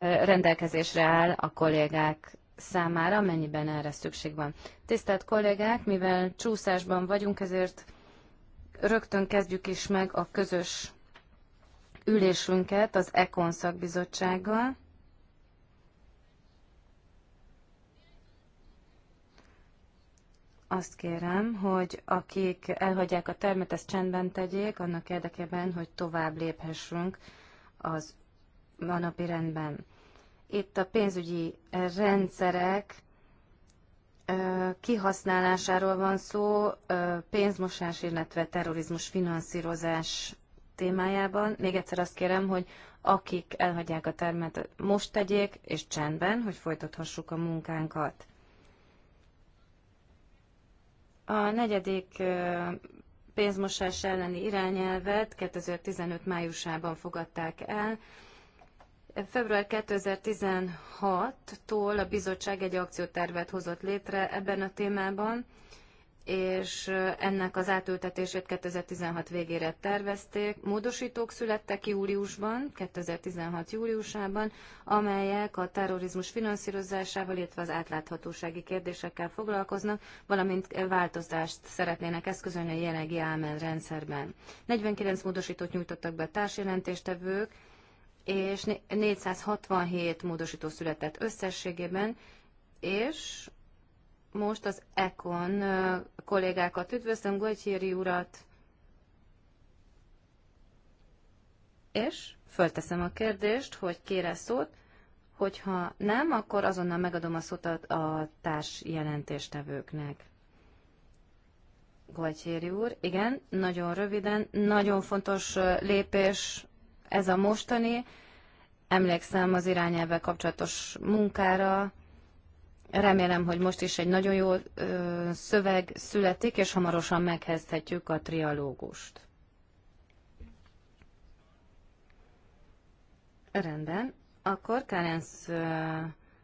rendelkezésre áll a kollégák számára, mennyiben erre szükség van. Tisztelt kollégák, mivel csúszásban vagyunk, ezért rögtön kezdjük is meg a közös ülésünket az ECON szakbizottsággal. Azt kérem, hogy akik elhagyják a termet, ezt csendben tegyék, annak érdekében, hogy tovább léphessünk az a napi rendben. Itt a pénzügyi rendszerek kihasználásáról van szó, pénzmosás, illetve terrorizmus finanszírozás témájában. Még egyszer azt kérem, hogy akik elhagyják a termet, most tegyék, és csendben, hogy folytathassuk a munkánkat. A negyedik pénzmosás elleni irányelvet 2015 májusában fogadták el. Február 2016-tól a bizottság egy akciótervet hozott létre ebben a témában, és eh, ennek az átültetését 2016 végére tervezték. Módosítók születtek júliusban, 2016 júliusában, amelyek a terrorizmus finanszírozásával, illetve az átláthatósági kérdésekkel foglalkoznak, valamint eh, változást szeretnének eszközölni a jelenlegi ámen rendszerben. 49 módosítót nyújtottak be a társjelentéstevők, és 467 módosító született összességében, és most az ECON kollégákat üdvözlöm, Golytyéri urat, és fölteszem a kérdést, hogy kére szót, hogyha nem, akkor azonnal megadom a szót a társ jelentéstevőknek. Golytyéri úr, igen, nagyon röviden, nagyon fontos lépés ez a mostani. Emlékszem az irányelvvel kapcsolatos munkára. Remélem, hogy most is egy nagyon jó ö, szöveg születik, és hamarosan megkezdhetjük a trialógust. Rendben. Akkor Kárenc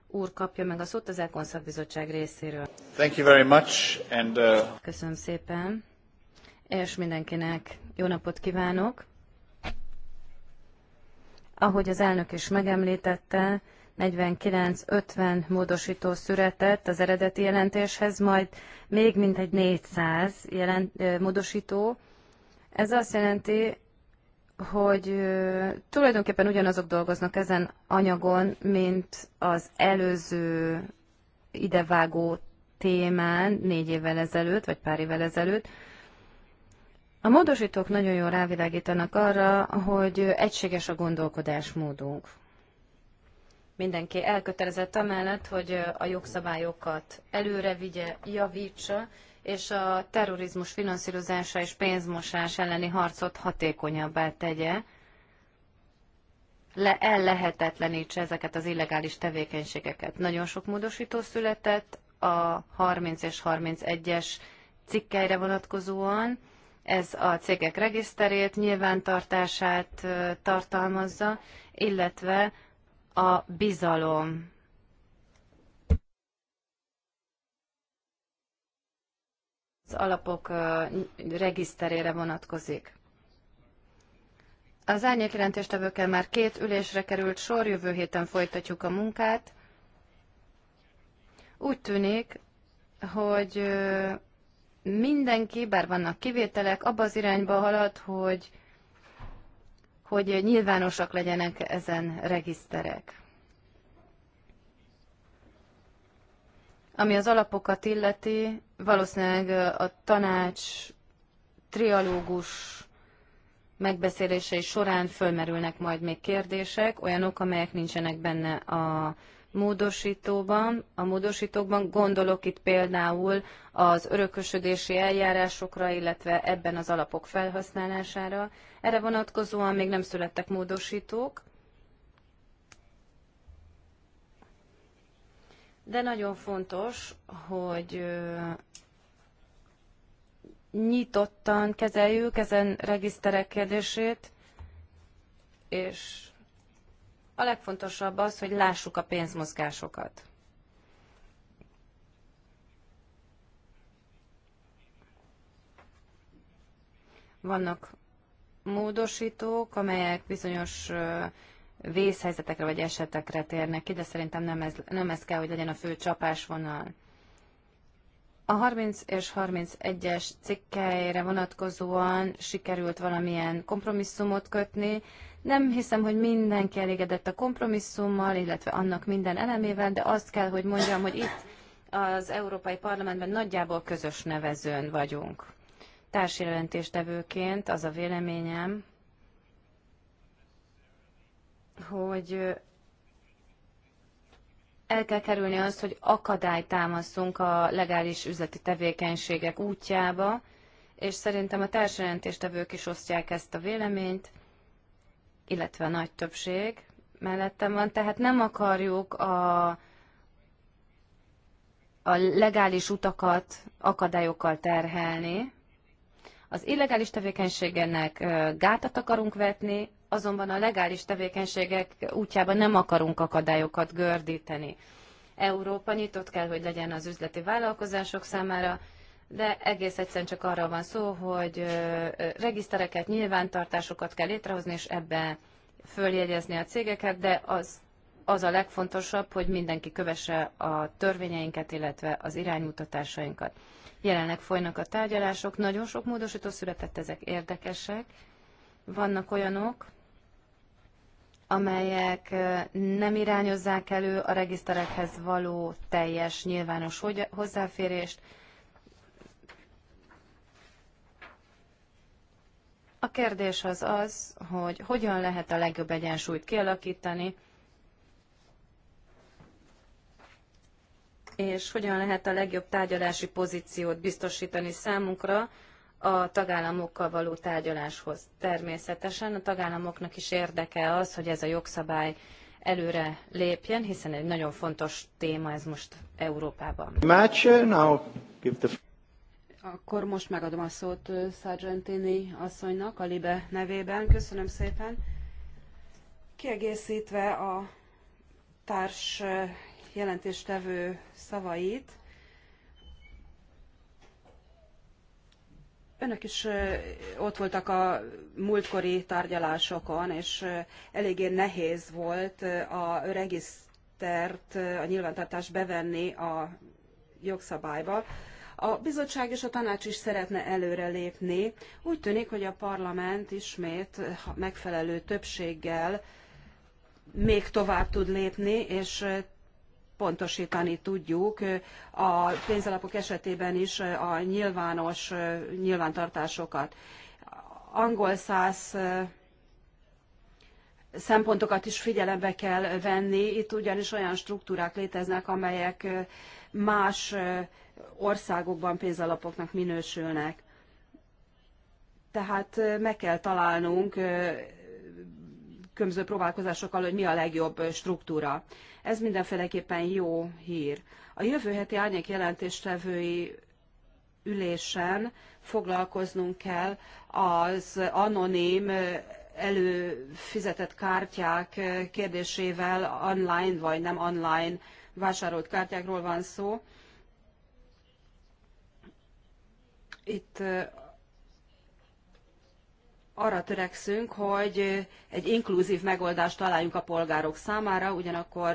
úr kapja meg a szót az Ekon szakbizottság részéről. Thank you very much, and, uh... Köszönöm szépen, és mindenkinek jó napot kívánok. Ahogy az elnök is megemlítette, 49-50 módosító született az eredeti jelentéshez, majd még mintegy 400 jelent, módosító. Ez azt jelenti, hogy tulajdonképpen ugyanazok dolgoznak ezen anyagon, mint az előző idevágó témán négy évvel ezelőtt, vagy pár évvel ezelőtt. A módosítók nagyon jól rávilágítanak arra, hogy egységes a gondolkodásmódunk. Mindenki elkötelezett amellett, hogy a jogszabályokat előre vigye, javítsa, és a terrorizmus finanszírozása és pénzmosás elleni harcot hatékonyabbá tegye, le, ellehetetlenítse ezeket az illegális tevékenységeket. Nagyon sok módosító született a 30 és 31-es cikkeire vonatkozóan, ez a cégek regiszterét, nyilvántartását tartalmazza, illetve a bizalom az alapok regiszterére vonatkozik. Az árnyékjelentéstevőkkel már két ülésre került sor, jövő héten folytatjuk a munkát. Úgy tűnik, hogy mindenki, bár vannak kivételek, abba az irányba halad, hogy, hogy nyilvánosak legyenek ezen regiszterek. Ami az alapokat illeti, valószínűleg a tanács trialógus megbeszélései során fölmerülnek majd még kérdések, olyanok, amelyek nincsenek benne a módosítóban, a módosítókban gondolok itt például az örökösödési eljárásokra, illetve ebben az alapok felhasználására. Erre vonatkozóan még nem születtek módosítók, de nagyon fontos, hogy nyitottan kezeljük ezen regiszterek kérdését, és a legfontosabb az, hogy lássuk a pénzmozgásokat. Vannak módosítók, amelyek bizonyos vészhelyzetekre vagy esetekre térnek ki, de szerintem nem ez, nem ez kell, hogy legyen a fő csapásvonal. A 30 és 31-es cikkeire vonatkozóan sikerült valamilyen kompromisszumot kötni. Nem hiszem, hogy mindenki elégedett a kompromisszummal, illetve annak minden elemével, de azt kell, hogy mondjam, hogy itt az Európai Parlamentben nagyjából közös nevezőn vagyunk. Társjelentéstevőként az a véleményem, hogy el kell kerülni azt, hogy akadályt támaszunk a legális üzleti tevékenységek útjába, és szerintem a társjelentéstevők is osztják ezt a véleményt, illetve a nagy többség mellettem van. Tehát nem akarjuk a, a legális utakat akadályokkal terhelni. Az illegális tevékenységenek gátat akarunk vetni, azonban a legális tevékenységek útjában nem akarunk akadályokat gördíteni. Európa nyitott kell, hogy legyen az üzleti vállalkozások számára, de egész egyszerűen csak arra van szó, hogy regisztereket, nyilvántartásokat kell létrehozni, és ebbe följegyezni a cégeket, de az, az a legfontosabb, hogy mindenki kövesse a törvényeinket, illetve az iránymutatásainkat. Jelenleg folynak a tárgyalások, nagyon sok módosító született, ezek érdekesek. Vannak olyanok, amelyek nem irányozzák elő a regiszterekhez való teljes nyilvános hozzáférést. A kérdés az az, hogy hogyan lehet a legjobb egyensúlyt kialakítani, és hogyan lehet a legjobb tárgyalási pozíciót biztosítani számunkra, a tagállamokkal való tárgyaláshoz. Természetesen a tagállamoknak is érdeke az, hogy ez a jogszabály előre lépjen, hiszen egy nagyon fontos téma ez most Európában. Akkor most megadom a szót Sargentini asszonynak a Libe nevében. Köszönöm szépen. Kiegészítve a társ jelentéstevő szavait, Önök is ott voltak a múltkori tárgyalásokon, és eléggé nehéz volt a regisztert, a nyilvántartást bevenni a jogszabályba. A bizottság és a tanács is szeretne előrelépni. Úgy tűnik, hogy a parlament ismét megfelelő többséggel még tovább tud lépni, és pontosítani tudjuk a pénzalapok esetében is a nyilvános nyilvántartásokat. Angol száz szempontokat is figyelembe kell venni, itt ugyanis olyan struktúrák léteznek, amelyek más országokban pénzalapoknak minősülnek. Tehát meg kell találnunk különböző próbálkozásokkal, hogy mi a legjobb struktúra. Ez mindenféleképpen jó hír. A jövő heti árnyék jelentéstevői ülésen foglalkoznunk kell az anonim előfizetett kártyák kérdésével online vagy nem online vásárolt kártyákról van szó. Itt arra törekszünk, hogy egy inkluzív megoldást találjunk a polgárok számára, ugyanakkor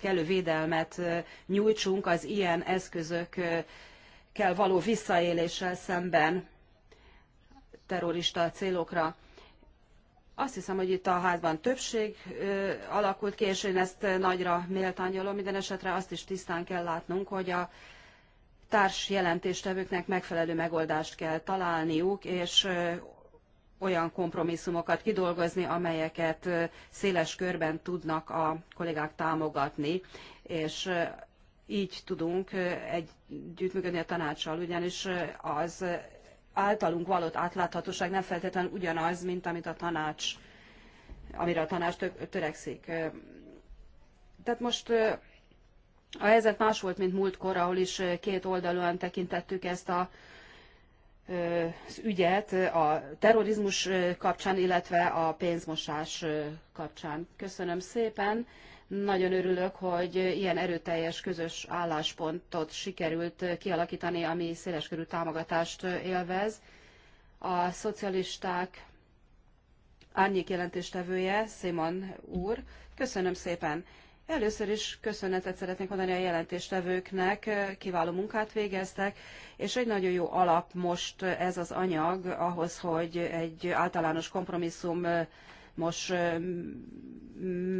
kellő védelmet nyújtsunk az ilyen eszközökkel való visszaéléssel szemben terrorista célokra. Azt hiszem, hogy itt a házban többség alakult ki, és én ezt nagyra méltányolom. Minden esetre azt is tisztán kell látnunk, hogy a társ jelentéstevőknek megfelelő megoldást kell találniuk, és olyan kompromisszumokat kidolgozni, amelyeket széles körben tudnak a kollégák támogatni, és így tudunk együttműködni a tanácssal, ugyanis az általunk valott átláthatóság nem feltétlenül ugyanaz, mint amit a tanács, amire a tanács törekszik. Tehát most a helyzet más volt, mint múltkor, ahol is két oldalúan tekintettük ezt a az ügyet a terrorizmus kapcsán, illetve a pénzmosás kapcsán. Köszönöm szépen. Nagyon örülök, hogy ilyen erőteljes közös álláspontot sikerült kialakítani, ami széleskörű támogatást élvez. A szocialisták árnyék jelentéstevője, Simon úr. Köszönöm szépen. Először is köszönetet szeretnék mondani a jelentéstevőknek, eh, kiváló munkát végeztek, és egy nagyon jó alap most ez az anyag ahhoz, hogy egy általános kompromisszum eh, most eh,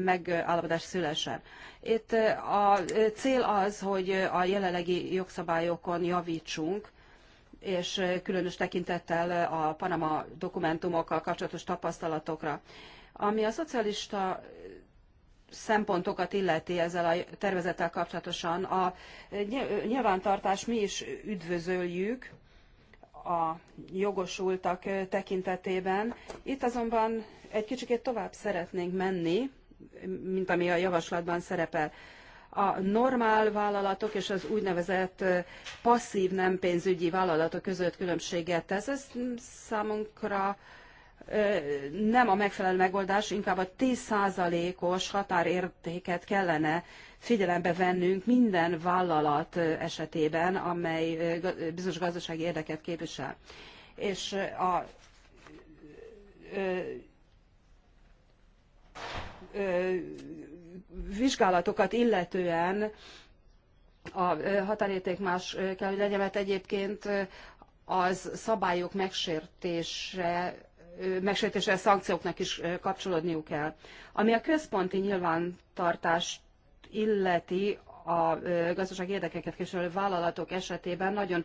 megállapodás szülesen. Itt a cél az, hogy a jelenlegi jogszabályokon javítsunk, és különös tekintettel a Panama dokumentumokkal kapcsolatos tapasztalatokra. Ami a szocialista szempontokat illeti ezzel a tervezettel kapcsolatosan. A nyilvántartás mi is üdvözöljük a jogosultak tekintetében. Itt azonban egy kicsikét tovább szeretnénk menni, mint ami a javaslatban szerepel. A normál vállalatok és az úgynevezett passzív nem pénzügyi vállalatok között különbséget tesz. Ez számunkra nem a megfelelő megoldás, inkább a 10%-os határértéket kellene figyelembe vennünk minden vállalat esetében, amely bizonyos gazdasági érdeket képvisel. És a vizsgálatokat illetően a határérték más kell, hogy legyen, mert egyébként az szabályok megsértése megsértése szankcióknak is kapcsolódniuk kell. Ami a központi nyilvántartást illeti a gazdasági érdekeket képviselő vállalatok esetében nagyon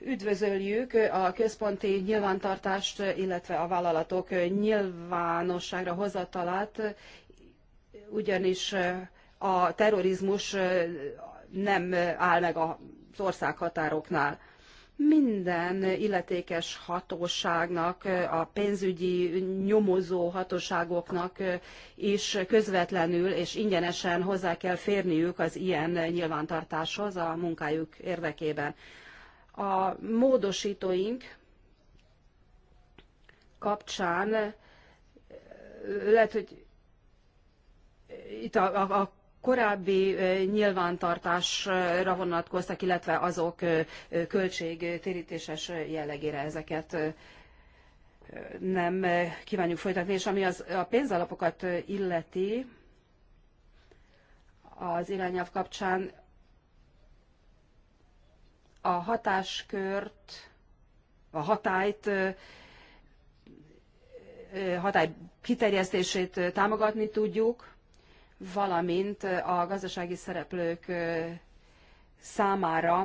üdvözöljük a központi nyilvántartást, illetve a vállalatok nyilvánosságra hozatalát, ugyanis a terrorizmus nem áll meg az országhatároknál minden illetékes hatóságnak, a pénzügyi nyomozó hatóságoknak is közvetlenül és ingyenesen hozzá kell férniük az ilyen nyilvántartáshoz a munkájuk érdekében. A módosítóink kapcsán lehet, hogy itt a, a, a korábbi nyilvántartásra vonatkoztak, illetve azok költségtérítéses jellegére ezeket nem kívánjuk folytatni, és ami az, a pénzalapokat illeti az irányelv kapcsán a hatáskört, a hatályt, hatály kiterjesztését támogatni tudjuk, valamint a gazdasági szereplők számára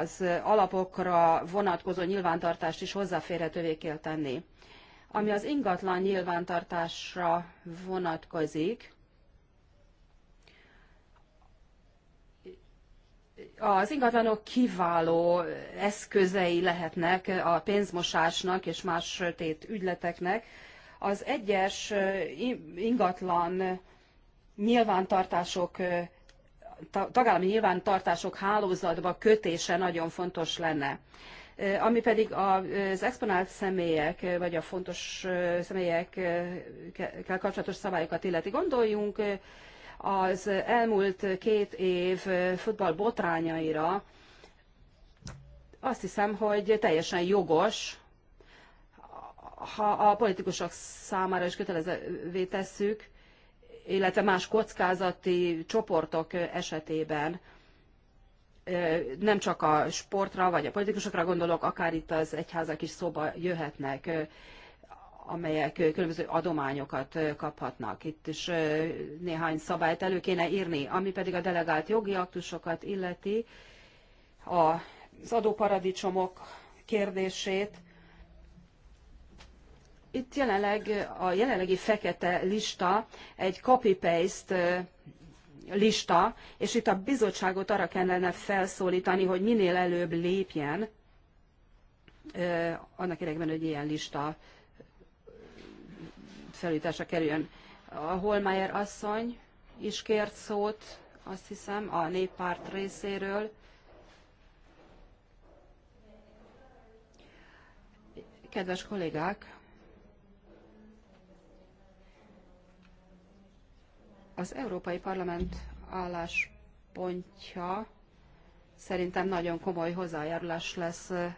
az alapokra vonatkozó nyilvántartást is hozzáférhetővé kell tenni. Ami az ingatlan nyilvántartásra vonatkozik, az ingatlanok kiváló eszközei lehetnek a pénzmosásnak és más sötét ügyleteknek. Az egyes ingatlan nyilvántartások, tagállami nyilvántartások hálózatba kötése nagyon fontos lenne. Ami pedig az exponált személyek, vagy a fontos személyekkel kapcsolatos szabályokat illeti. Gondoljunk az elmúlt két év futball botrányaira, azt hiszem, hogy teljesen jogos, ha a politikusok számára is kötelezővé tesszük, illetve más kockázati csoportok esetében nem csak a sportra vagy a politikusokra gondolok, akár itt az egyházak is szóba jöhetnek, amelyek különböző adományokat kaphatnak. Itt is néhány szabályt elő kéne írni, ami pedig a delegált jogi aktusokat illeti, az adóparadicsomok kérdését, itt jelenleg a jelenlegi fekete lista egy copy-paste lista, és itt a bizottságot arra kellene felszólítani, hogy minél előbb lépjen, annak érdekében, hogy ilyen lista felültásra kerüljön. A Holmeier asszony is kért szót, azt hiszem, a néppárt részéről. Kedves kollégák, Az Európai Parlament álláspontja szerintem nagyon komoly hozzájárulás lesz eh,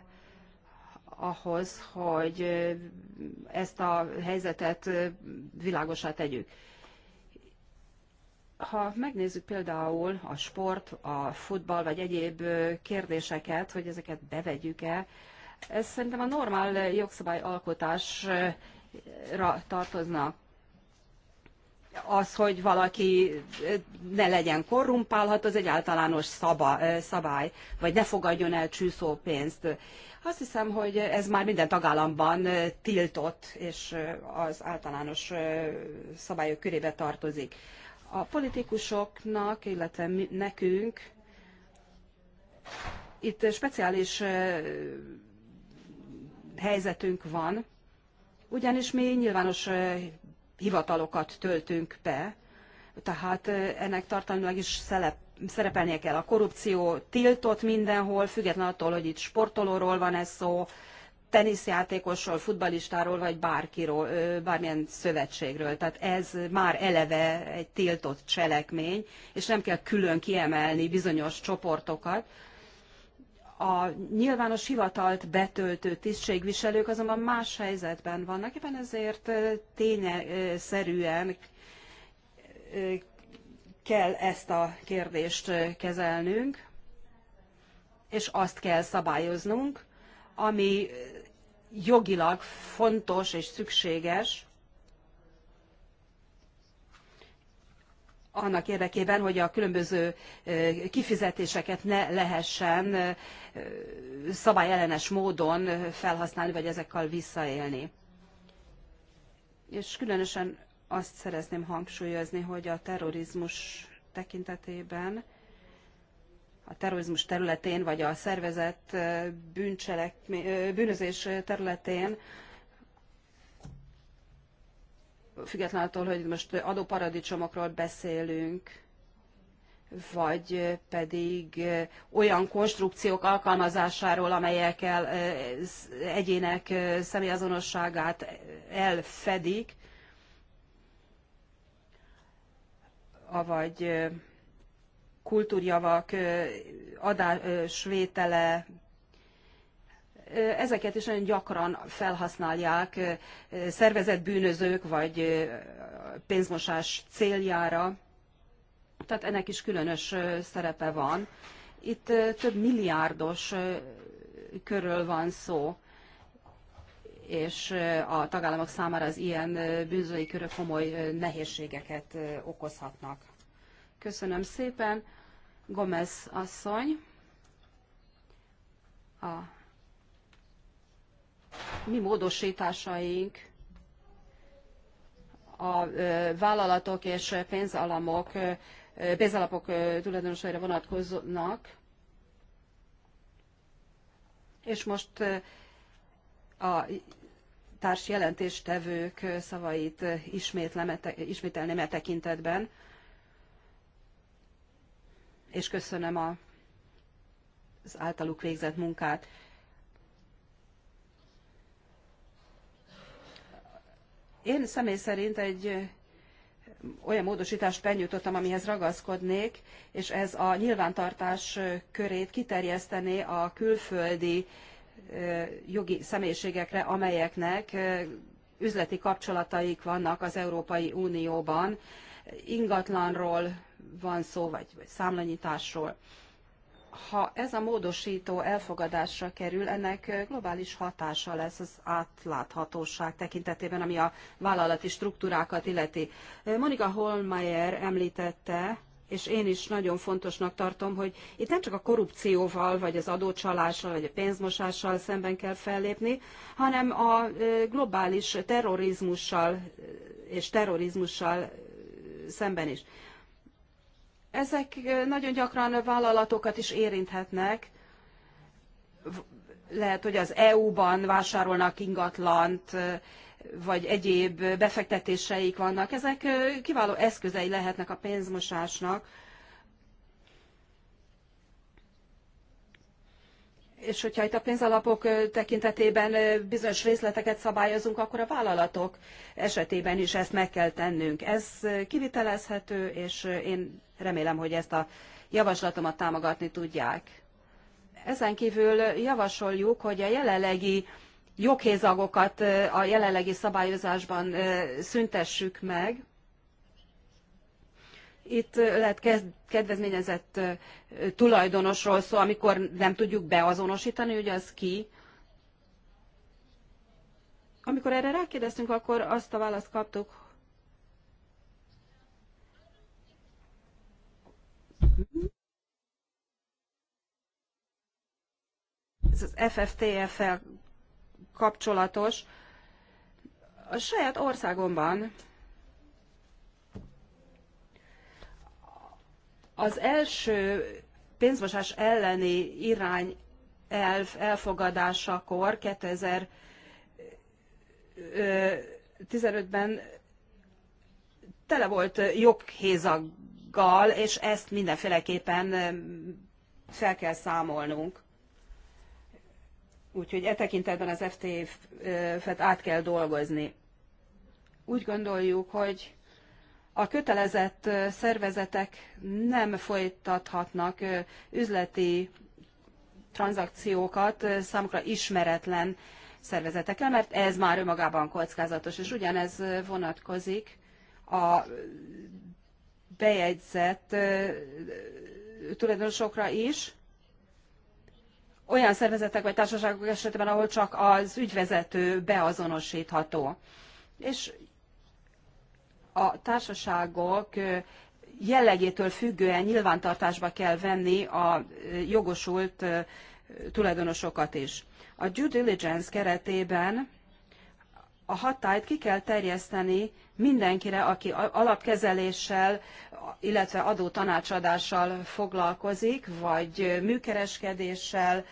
ahhoz, hogy eh, ezt a helyzetet eh, világosá tegyük. Ha megnézzük például a sport, a futball vagy egyéb kérdéseket, hogy ezeket bevegyük-e, ez szerintem a normál jogszabályalkotásra tartoznak az, hogy valaki ne legyen korrumpálhat, az egy általános szabály, vagy ne fogadjon el csúszó pénzt. Azt hiszem, hogy ez már minden tagállamban tiltott, és az általános szabályok körébe tartozik. A politikusoknak, illetve nekünk itt speciális helyzetünk van, ugyanis mi nyilvános hivatalokat töltünk be, tehát ennek tartalmilag is szelep, szerepelnie kell. A korrupció tiltott mindenhol, független attól, hogy itt sportolóról van ez szó, teniszjátékosról, futbalistáról, vagy bárkiról, bármilyen szövetségről. Tehát ez már eleve egy tiltott cselekmény, és nem kell külön kiemelni bizonyos csoportokat, a nyilvános hivatalt betöltő tisztségviselők azonban más helyzetben vannak, éppen ezért tényszerűen kell ezt a kérdést kezelnünk, és azt kell szabályoznunk, ami jogilag fontos és szükséges, annak érdekében, hogy a különböző kifizetéseket ne lehessen szabályellenes módon felhasználni, vagy ezekkel visszaélni. És különösen azt szeretném hangsúlyozni, hogy a terrorizmus tekintetében, a terrorizmus területén, vagy a szervezett bűnözés területén független attól, hogy most adóparadicsomokról beszélünk, vagy pedig olyan konstrukciók alkalmazásáról, amelyekkel egyének személyazonosságát elfedik, avagy kultúrjavak adásvétele ezeket is nagyon gyakran felhasználják szervezett bűnözők vagy pénzmosás céljára, tehát ennek is különös szerepe van. Itt több milliárdos körül van szó, és a tagállamok számára az ilyen bűnzői körök komoly nehézségeket okozhatnak. Köszönöm szépen. Gomez asszony a mi módosításaink a vállalatok és pénzalamok, pénzalapok tulajdonosaira vonatkoznak. És most a társ jelentéstevők szavait e ismételném e tekintetben, és köszönöm a, az általuk végzett munkát. Én személy szerint egy olyan módosítást benyújtottam, amihez ragaszkodnék, és ez a nyilvántartás körét kiterjesztené a külföldi jogi személyiségekre, amelyeknek üzleti kapcsolataik vannak az Európai Unióban. Ingatlanról van szó, vagy, vagy számlanyításról ha ez a módosító elfogadásra kerül, ennek globális hatása lesz az átláthatóság tekintetében, ami a vállalati struktúrákat illeti. Monika Holmeyer említette, és én is nagyon fontosnak tartom, hogy itt nem csak a korrupcióval, vagy az adócsalással, vagy a pénzmosással szemben kell fellépni, hanem a globális terrorizmussal és terrorizmussal szemben is. Ezek nagyon gyakran vállalatokat is érinthetnek. Lehet, hogy az EU-ban vásárolnak ingatlant, vagy egyéb befektetéseik vannak. Ezek kiváló eszközei lehetnek a pénzmosásnak. És hogyha itt a pénzalapok tekintetében bizonyos részleteket szabályozunk, akkor a vállalatok esetében is ezt meg kell tennünk. Ez kivitelezhető, és én remélem, hogy ezt a javaslatomat támogatni tudják. Ezen kívül javasoljuk, hogy a jelenlegi joghézagokat a jelenlegi szabályozásban szüntessük meg. Itt lehet kedvezményezett tulajdonosról szó, amikor nem tudjuk beazonosítani, hogy az ki. Amikor erre rákérdeztünk, akkor azt a választ kaptuk, Mhm. ez az FFTF-fel kapcsolatos. A saját országomban az első pénzmosás elleni irány elf elfogadásakor 2015-ben tele volt joghézag gal, és ezt mindenféleképpen fel kell számolnunk. Úgyhogy e tekintetben az FTF-et át kell dolgozni. Úgy gondoljuk, hogy a kötelezett szervezetek nem folytathatnak üzleti tranzakciókat számukra ismeretlen szervezetekkel, mert ez már önmagában kockázatos, és ugyanez vonatkozik a bejegyzett tulajdonosokra is, olyan szervezetek vagy társaságok esetében, ahol csak az ügyvezető beazonosítható. És a társaságok jellegétől függően nyilvántartásba kell venni a jogosult tulajdonosokat is. A due diligence keretében a hatályt ki kell terjeszteni mindenkire, aki alapkezeléssel, illetve adó tanácsadással foglalkozik, vagy műkereskedéssel,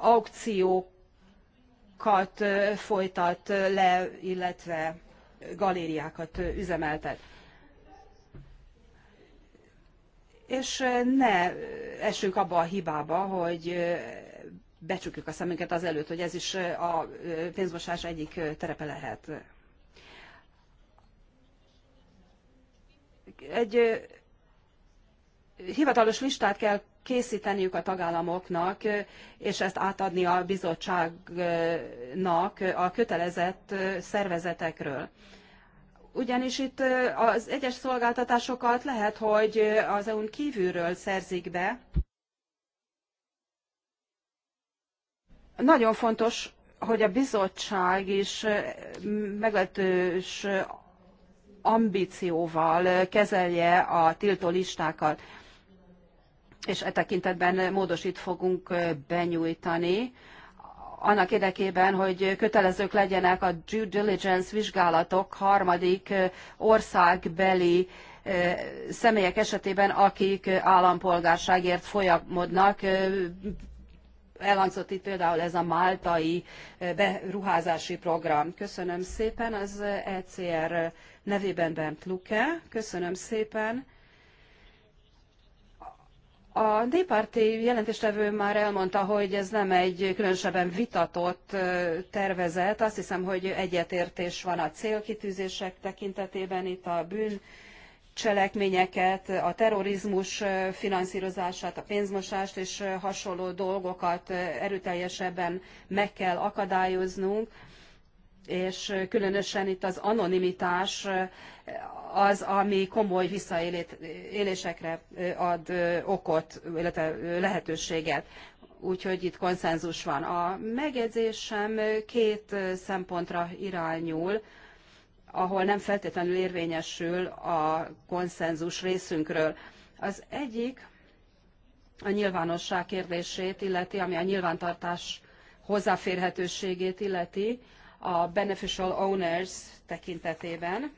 aukciókat folytat le, illetve galériákat üzemeltet. És ne essünk abba a hibába, hogy becsukjuk a szemünket azelőtt, hogy ez is a pénzmosás egyik terepe lehet. Egy hivatalos listát kell készíteniük a tagállamoknak, és ezt átadni a bizottságnak a kötelezett szervezetekről. Ugyanis itt az egyes szolgáltatásokat lehet, hogy az EU-n kívülről szerzik be, Nagyon fontos, hogy a bizottság is meglehetős ambícióval kezelje a tiltó listákat, és e tekintetben módosít fogunk benyújtani annak érdekében, hogy kötelezők legyenek a due diligence vizsgálatok harmadik országbeli személyek esetében, akik állampolgárságért folyamodnak, elhangzott itt például ez a máltai eh, beruházási program. Köszönöm szépen az ECR nevében Bent Luke. Köszönöm szépen. A néppárti jelentéstevő már elmondta, hogy ez nem egy különösebben vitatott eh, tervezet. Azt hiszem, hogy egyetértés van a célkitűzések tekintetében itt a bűn cselekményeket, a terrorizmus finanszrozását a pénzmosást és hasonló dolgokat erőteljesebben meg kell akadályoznunk, és különösen itt az anonimitás az, ami komoly visszaélésekre ad okot, illetve lehetőséget. Úgyhogy itt konszenzus van. A megjegyzésem két szempontra irányul ahol nem feltétlenül érvényesül a konszenzus részünkről. Az egyik a nyilvánosság kérdését illeti, ami a nyilvántartás hozzáférhetőségét illeti a beneficial owners tekintetében.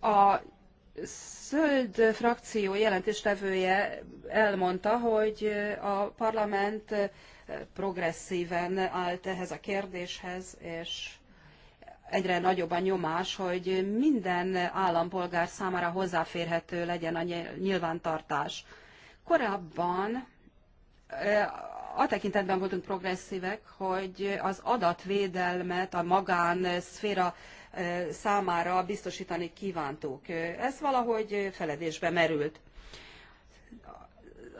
A zöld frakció jelentéstevője elmondta, hogy a parlament progresszíven állt ehhez a kérdéshez, és egyre nagyobb a nyomás, hogy minden állampolgár számára hozzáférhető legyen a nyilvántartás. Korábban a tekintetben voltunk progresszívek, hogy az adatvédelmet a magán szféra számára biztosítani kívántuk. Ez valahogy feledésbe merült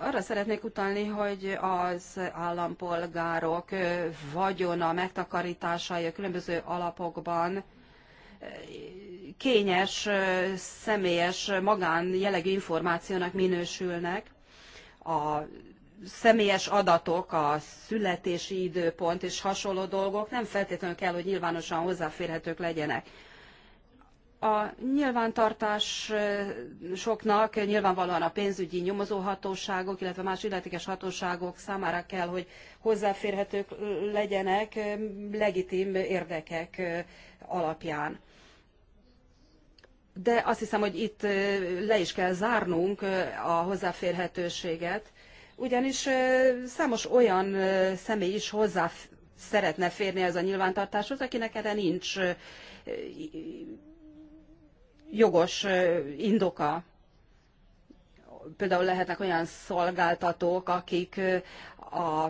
arra szeretnék utalni, hogy az állampolgárok vagyona, megtakarításai a különböző alapokban eh, kényes, személyes, magán jellegű információnak minősülnek. A személyes adatok, a születési időpont és hasonló dolgok nem feltétlenül kell, hogy nyilvánosan hozzáférhetők legyenek. A nyilvántartásoknak nyilvánvalóan a pénzügyi nyomozóhatóságok, illetve más illetékes hatóságok számára kell, hogy hozzáférhetők legyenek legitim érdekek alapján. De azt hiszem, hogy itt le is kell zárnunk a hozzáférhetőséget, ugyanis számos olyan személy is hozzá szeretne férni ez a nyilvántartáshoz, akinek erre nincs jogos indoka. Például lehetnek olyan szolgáltatók, akik a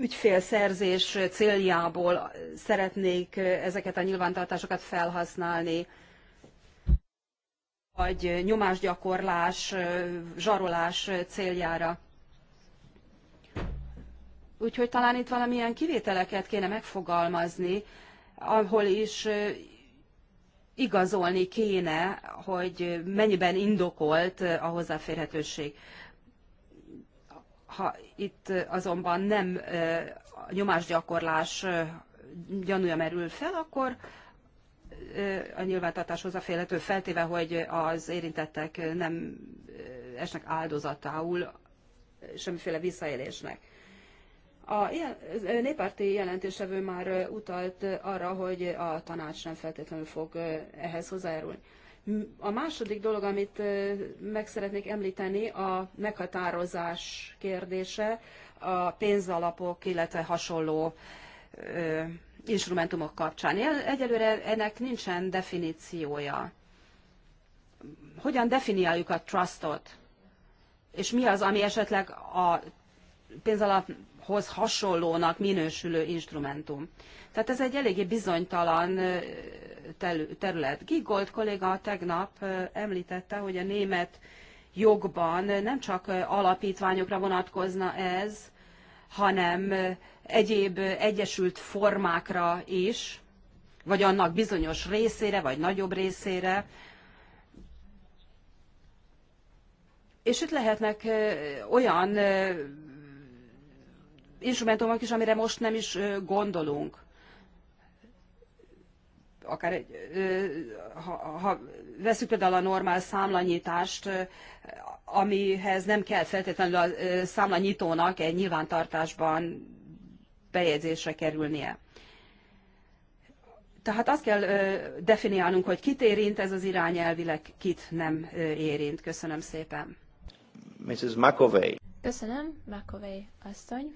ügyfélszerzés céljából szeretnék ezeket a nyilvántartásokat felhasználni, vagy nyomásgyakorlás, zsarolás céljára. Úgyhogy talán itt valamilyen kivételeket kéne megfogalmazni, ahol is igazolni kéne, hogy mennyiben indokolt a hozzáférhetőség. Ha itt azonban nem a nyomásgyakorlás gyanúja merül fel, akkor a nyilvántartás hozzáférhető feltéve, hogy az érintettek nem esnek áldozatául semmiféle visszaélésnek. A néppárti jelentésevő már utalt arra, hogy a tanács nem feltétlenül fog ehhez hozzájárulni. A második dolog, amit meg szeretnék említeni, a meghatározás kérdése, a pénzalapok, illetve hasonló instrumentumok kapcsán. Egyelőre ennek nincsen definíciója. Hogyan definiáljuk a trustot? És mi az, ami esetleg a pénzalap hoz hasonlónak minősülő instrumentum. Tehát ez egy eléggé bizonytalan terület. Gigold kolléga tegnap említette, hogy a német jogban nem csak alapítványokra vonatkozna ez, hanem egyéb egyesült formákra is, vagy annak bizonyos részére, vagy nagyobb részére. És itt lehetnek olyan instrumentumok is, amire most nem is gondolunk. Akár egy, ha, ha veszük például a normál számlanyítást, amihez nem kell feltétlenül a számlanyitónak egy nyilvántartásban bejegyzésre kerülnie. Tehát azt kell definiálnunk, hogy kit érint ez az irányelvileg, kit nem érint. Köszönöm szépen. Mrs. McAvey. Köszönöm, McAvey asszony.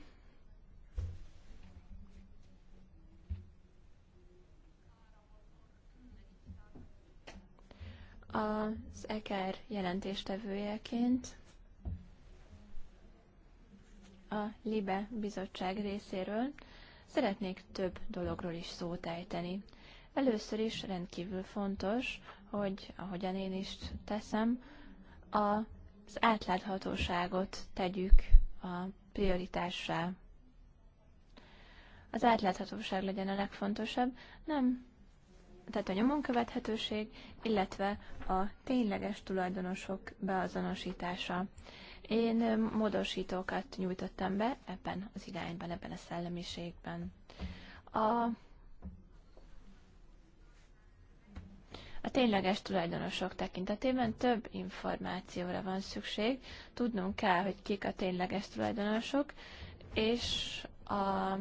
az EKR jelentéstevőjeként a LIBE bizottság részéről szeretnék több dologról is szót ejteni. Először is rendkívül fontos, hogy ahogyan én is teszem, az átláthatóságot tegyük a prioritássá. Az átláthatóság legyen a legfontosabb, nem tehát a nyomonkövethetőség, illetve a tényleges tulajdonosok beazonosítása. Én módosítókat nyújtottam be ebben az irányban, ebben a szellemiségben. A, a tényleges tulajdonosok tekintetében több információra van szükség. Tudnunk kell, hogy kik a tényleges tulajdonosok, és a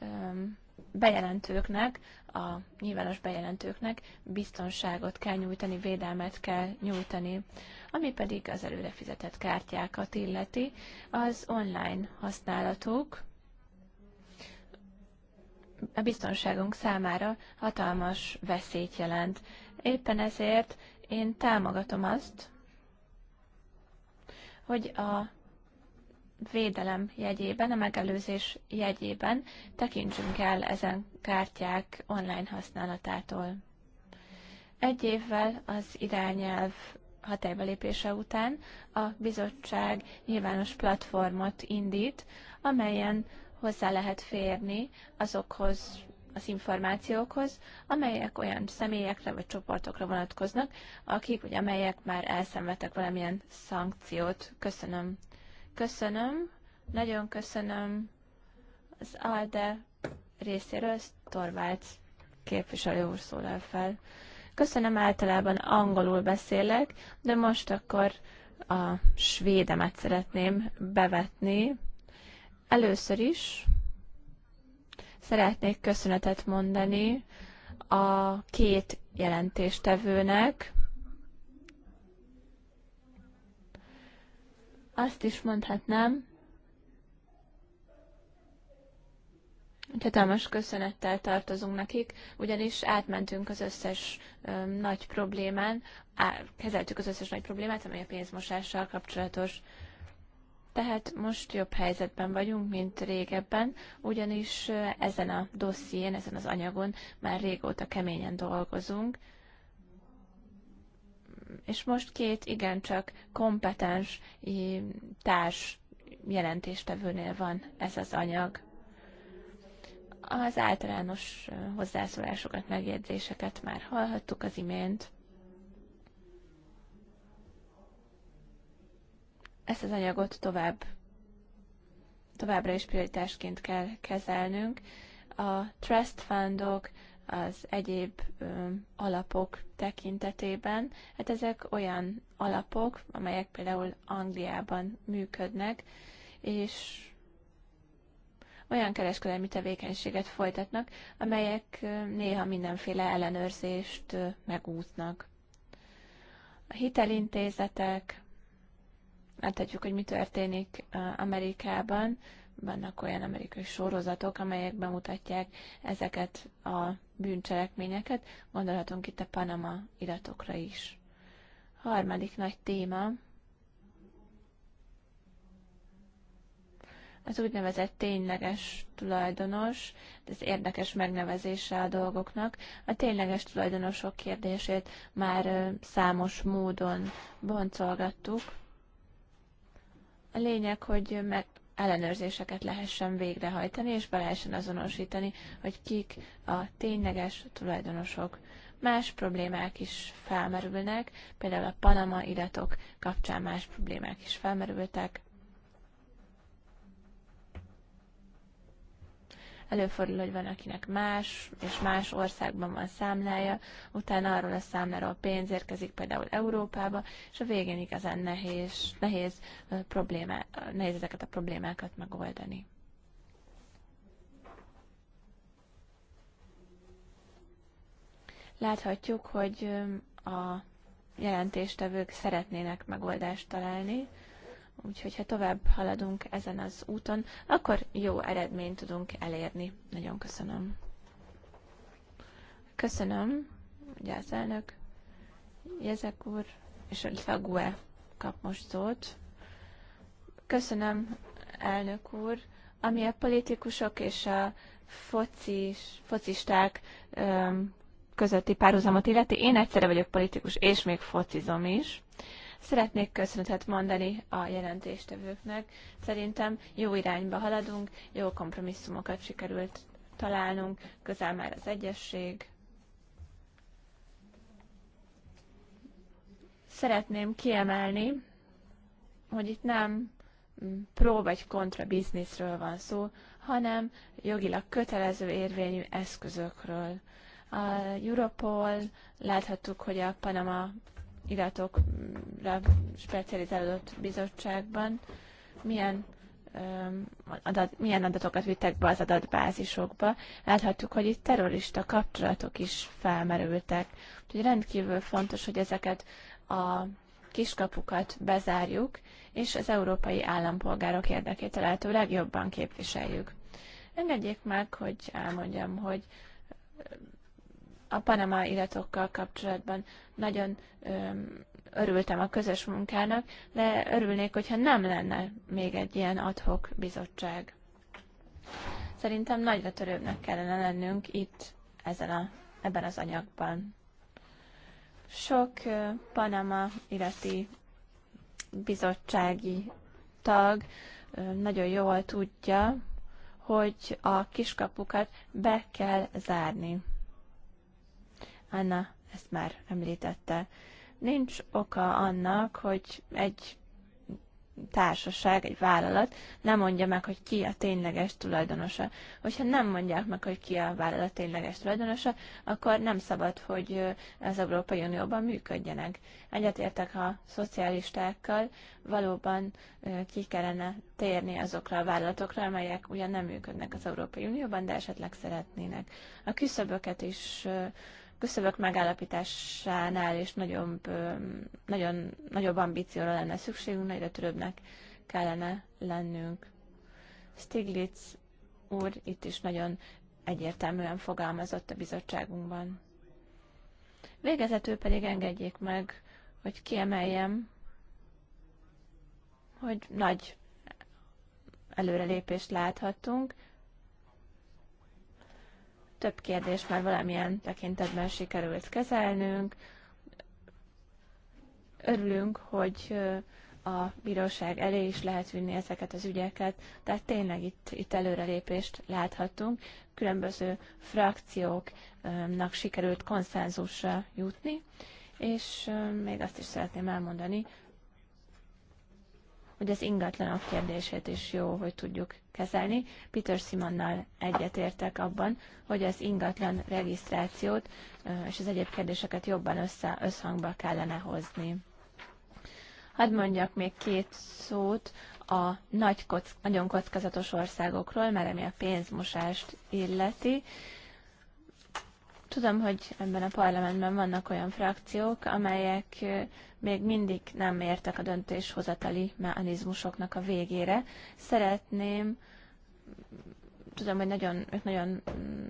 um, bejelentőknek a nyilvános bejelentőknek biztonságot kell nyújtani, védelmet kell nyújtani. Ami pedig az előre fizetett kártyákat illeti, az online használatuk a biztonságunk számára hatalmas veszélyt jelent. Éppen ezért én támogatom azt, hogy a védelem jegyében, a megelőzés jegyében tekintsünk el ezen kártyák online használatától. Egy évvel az irányelv hatályba lépése után a bizottság nyilvános platformot indít, amelyen hozzá lehet férni azokhoz az információkhoz, amelyek olyan személyekre vagy csoportokra vonatkoznak, akik vagy amelyek már elszenvedtek valamilyen szankciót. Köszönöm. Köszönöm, nagyon köszönöm az ALDE részéről, Torvalds képviselő úr szólal fel. Köszönöm, általában angolul beszélek, de most akkor a svédemet szeretném bevetni. Először is szeretnék köszönetet mondani a két jelentéstevőnek, azt is mondhatnám, Hatalmas köszönettel tartozunk nekik, ugyanis átmentünk az összes ö, nagy problémán, á, kezeltük az összes nagy problémát, amely a pénzmosással kapcsolatos. Tehát most jobb helyzetben vagyunk, mint régebben, ugyanis ezen a dosszién, ezen az anyagon már régóta keményen dolgozunk, és most két igencsak kompetens társ jelentéstevőnél van ez az anyag. Az általános hozzászólásokat, megjegyzéseket már hallhattuk az imént. Ezt az anyagot tovább, továbbra is prioritásként kell kezelnünk. A trust fundok, -ok, az egyéb alapok tekintetében. Hát ezek olyan alapok, amelyek például Angliában működnek, és olyan kereskedelmi tevékenységet folytatnak, amelyek néha mindenféle ellenőrzést megútnak. A hitelintézetek, láthatjuk, hogy mi történik Amerikában, vannak olyan amerikai sorozatok, amelyek bemutatják ezeket a bűncselekményeket, gondolhatunk itt a Panama iratokra is. Harmadik nagy téma az úgynevezett tényleges tulajdonos, ez érdekes megnevezése a dolgoknak. A tényleges tulajdonosok kérdését már számos módon boncolgattuk. A lényeg, hogy meg ellenőrzéseket lehessen végrehajtani, és be lehessen azonosítani, hogy kik a tényleges tulajdonosok. Más problémák is felmerülnek, például a Panama iratok kapcsán más problémák is felmerültek. Előfordul, hogy van akinek más, és más országban van számlája, utána arról a számláról pénz érkezik például Európába, és a végén igazán nehéz, nehéz, problémá, nehéz ezeket a problémákat megoldani. Láthatjuk, hogy a jelentéstevők szeretnének megoldást találni, Úgyhogy ha tovább haladunk ezen az úton, akkor jó eredményt tudunk elérni. Nagyon köszönöm. Köszönöm, ugye az elnök, Jezek úr, és GUE kap most szót. Köszönöm, elnök úr, ami a politikusok és a focis, focisták közötti párhuzamot illeti. Én egyszerre vagyok politikus, és még focizom is. Szeretnék köszönetet mondani a jelentéstevőknek. Szerintem jó irányba haladunk, jó kompromisszumokat sikerült találnunk, közel már az egyesség. Szeretném kiemelni, hogy itt nem mm, pró vagy kontra bizniszről van szó, hanem jogilag kötelező érvényű eszközökről. A Europol, láthattuk, hogy a Panama iratokra mm, specializálódott bizottságban, milyen adat, milyen adatokat vittek be az adatbázisokba. Láthattuk, hogy itt terrorista kapcsolatok is felmerültek. Úgyhogy rendkívül fontos, hogy ezeket a kiskapukat bezárjuk, és az európai állampolgárok érdekét a lehető legjobban képviseljük. Engedjék meg, hogy elmondjam, hogy a Panama iratokkal kapcsolatban nagyon öm, örültem a közös munkának, de örülnék, hogyha nem lenne még egy ilyen adhok bizottság. Szerintem nagyra törőbbnek kellene lennünk itt, ezen a, ebben az anyagban. Sok ö, Panama irati bizottsági tag ö, nagyon jól tudja, hogy a kiskapukat be kell zárni Anna ezt már említette. Nincs oka annak, hogy egy társaság, egy vállalat nem mondja meg, hogy ki a tényleges tulajdonosa. Hogyha nem mondják meg, hogy ki a vállalat tényleges tulajdonosa, akkor nem szabad, hogy az Európai Unióban működjenek. Egyetértek a szocialistákkal, valóban ki kellene térni azokra a vállalatokra, amelyek ugyan nem működnek az Európai Unióban, de esetleg szeretnének. A küszöböket is küszöbök megállapításánál is nagyobb, nagyon, nagyobb ambícióra lenne szükségünk, nagyra törőbbnek kellene lennünk. Stiglitz úr itt is nagyon egyértelműen fogalmazott a bizottságunkban. Végezetül pedig engedjék meg, hogy kiemeljem, hogy nagy előrelépést láthattunk, több kérdést már valamilyen tekintetben sikerült kezelnünk. Örülünk, hogy a bíróság elé is lehet vinni ezeket az ügyeket, tehát tényleg itt, itt előrelépést láthatunk. Különböző frakcióknak sikerült konszenzusra jutni, és még azt is szeretném elmondani, hogy az ingatlanok kérdését is jó, hogy tudjuk kezelni. Peter Simonnal egyetértek abban, hogy az ingatlan regisztrációt és az egyéb kérdéseket jobban össze, összhangba kellene hozni. Hadd mondjak még két szót a nagy kock, nagyon kockázatos országokról, mert ami a pénzmosást illeti. Tudom, hogy ebben a parlamentben vannak olyan frakciók, amelyek még mindig nem értek a döntéshozatali mechanizmusoknak a végére. Szeretném, tudom, hogy nagyon, ők nagyon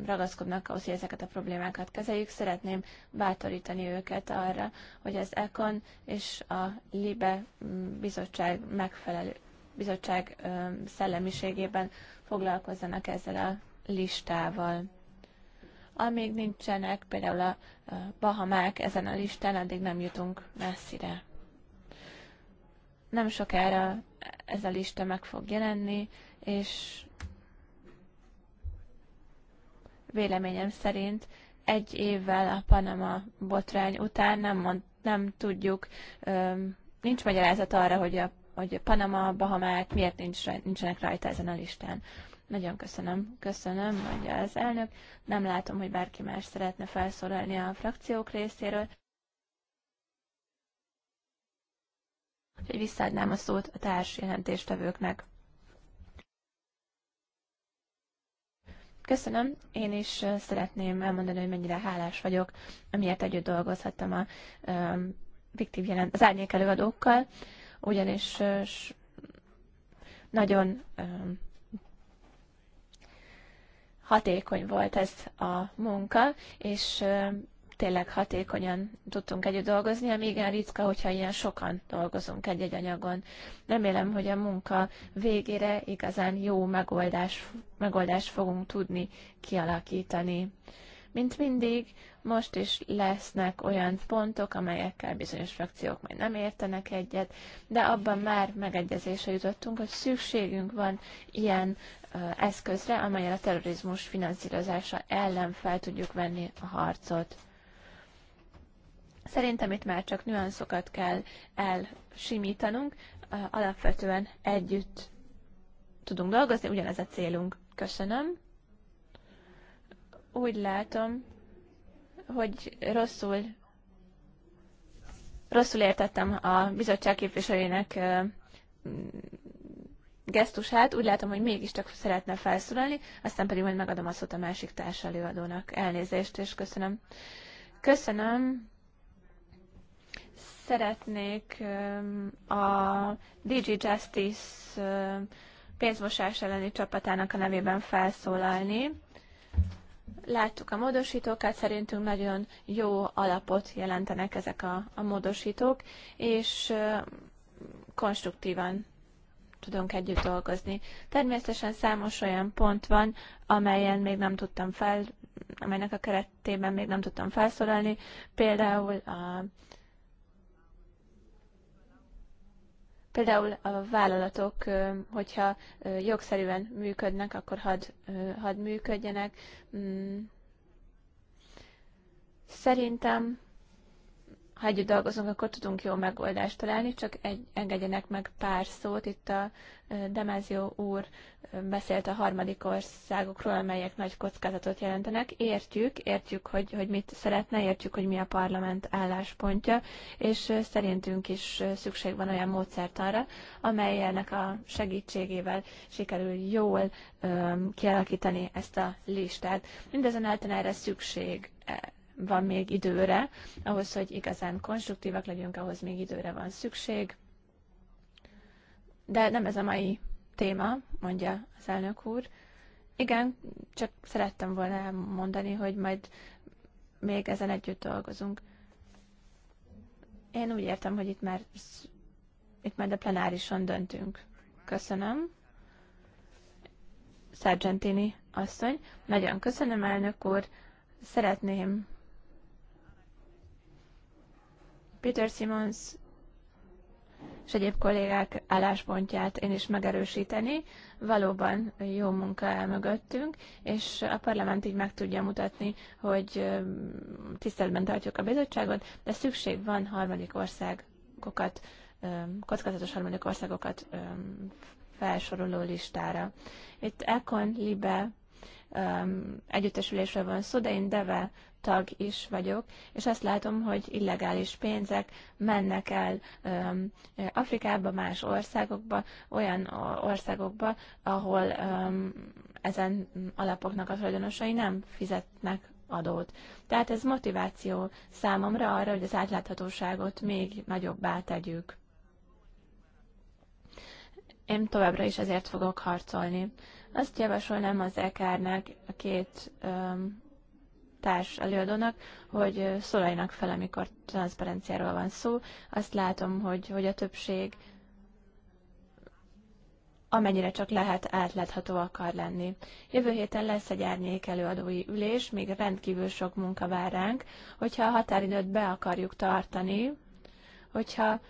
ragaszkodnak ahhoz, hogy ezeket a problémákat kezeljük, szeretném bátorítani őket arra, hogy az ECON és a LIBE mm, bizottság megfelelő bizottság szellemiségében foglalkozzanak ezzel a listával. Amíg nincsenek például a Bahamák ezen a listán, addig nem jutunk messzire. Nem sokára ez a lista meg fog jelenni, és véleményem szerint egy évvel a Panama botrány után nem, mond, nem tudjuk, nincs magyarázat arra, hogy a hogy Panama, Bahamák miért nincs, nincsenek rajta ezen a listán. Nagyon köszönöm, köszönöm, mondja az elnök. Nem látom, hogy bárki más szeretne felszólalni a frakciók részéről. Úgyhogy visszaadnám a szót a társ jelentéstevőknek. Köszönöm, én is szeretném elmondani, hogy mennyire hálás vagyok, amiért együtt dolgozhattam a fiktív jelent, az árnyék előadókkal, ugyanis nagyon hatékony volt ez a munka, és tényleg hatékonyan tudtunk együtt dolgozni, ami igen ritka, hogyha ilyen sokan dolgozunk egy-egy anyagon. Remélem, hogy a munka végére igazán jó megoldás, megoldást fogunk tudni kialakítani. Mint mindig, most is lesznek olyan pontok, amelyekkel bizonyos frakciók majd nem értenek egyet, de abban már megegyezésre jutottunk, hogy szükségünk van ilyen eszközre, amelyel a terrorizmus finanszírozása ellen fel tudjuk venni a harcot. Szerintem itt már csak nüanszokat kell elsimítanunk, alapvetően együtt tudunk dolgozni, ugyanez a célunk. Köszönöm úgy látom, hogy rosszul, rosszul értettem a bizottság képviselőjének gesztusát, úgy látom, hogy mégiscsak szeretne felszólalni, aztán pedig majd megadom a szót a másik társelőadónak. Elnézést, és köszönöm. Köszönöm. Szeretnék a DG Justice pénzmosás elleni csapatának a nevében felszólalni. Láttuk a módosítókat, szerintünk nagyon jó alapot jelentenek ezek a, a módosítók, és konstruktívan tudunk együtt dolgozni. Természetesen számos olyan pont van, amelyen még nem tudtam fel, amelynek a keretében még nem tudtam felszólalni, például a Például a vállalatok, hogyha jogszerűen működnek, akkor had, had működjenek. Mm. Szerintem ha együtt dolgozunk, akkor tudunk jó megoldást találni, csak egy, engedjenek meg pár szót. Itt a Demázió úr beszélt a harmadik országokról, amelyek nagy kockázatot jelentenek. Értjük, értjük, hogy, hogy mit szeretne, értjük, hogy mi a parlament álláspontja, és szerintünk is szükség van olyan módszertanra, amelyelnek a segítségével sikerül jól um, kialakítani ezt a listát. Mindezen erre szükség e, van még időre, ahhoz, hogy igazán konstruktívak legyünk, ahhoz még időre van szükség. De nem ez a mai téma, mondja az elnök úr. Igen, csak szerettem volna mondani, hogy majd még ezen együtt dolgozunk. Én úgy értem, hogy itt már, itt már a plenárison döntünk. Köszönöm. Sargentini asszony, nagyon köszönöm, elnök úr. Szeretném Peter Simons és egyéb kollégák álláspontját én is megerősíteni. Valóban jó munka el mögöttünk, és a parlament így meg tudja mutatni, hogy tiszteletben tartjuk a bizottságot, de szükség van harmadik országokat, kockázatos harmadik országokat felsoroló listára. Itt Econ, Libe, um, együttesülésről van szó, de én DEVE tag is vagyok, és azt látom, hogy illegális pénzek mennek el um, Afrikába, más országokba, olyan országokba, ahol um, ezen alapoknak a tulajdonosai nem fizetnek adót. Tehát ez motiváció számomra arra, hogy az átláthatóságot még nagyobbá tegyük. Én továbbra is ezért fogok harcolni. Azt javasolnám az EKR-nek, a két um, társ előadónak, hogy szólaljanak fel, amikor transzparenciáról van szó. Azt látom, hogy, hogy a többség amennyire csak lehet átlátható akar lenni. Jövő héten lesz egy árnyék előadói ülés, még rendkívül sok munka vár ránk, hogyha a határidőt be akarjuk tartani, hogyha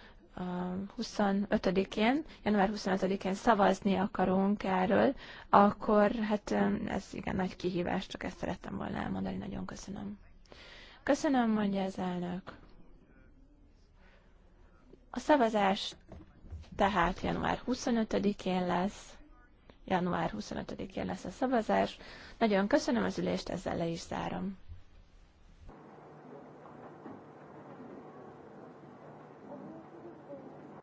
25-én, január 25-én szavazni akarunk erről, akkor hát ez igen nagy kihívás, csak ezt szerettem volna elmondani. Nagyon köszönöm. Köszönöm, mondja az elnök. A szavazás tehát január 25-én lesz. Január 25-én lesz a szavazás. Nagyon köszönöm az ülést, ezzel le is zárom.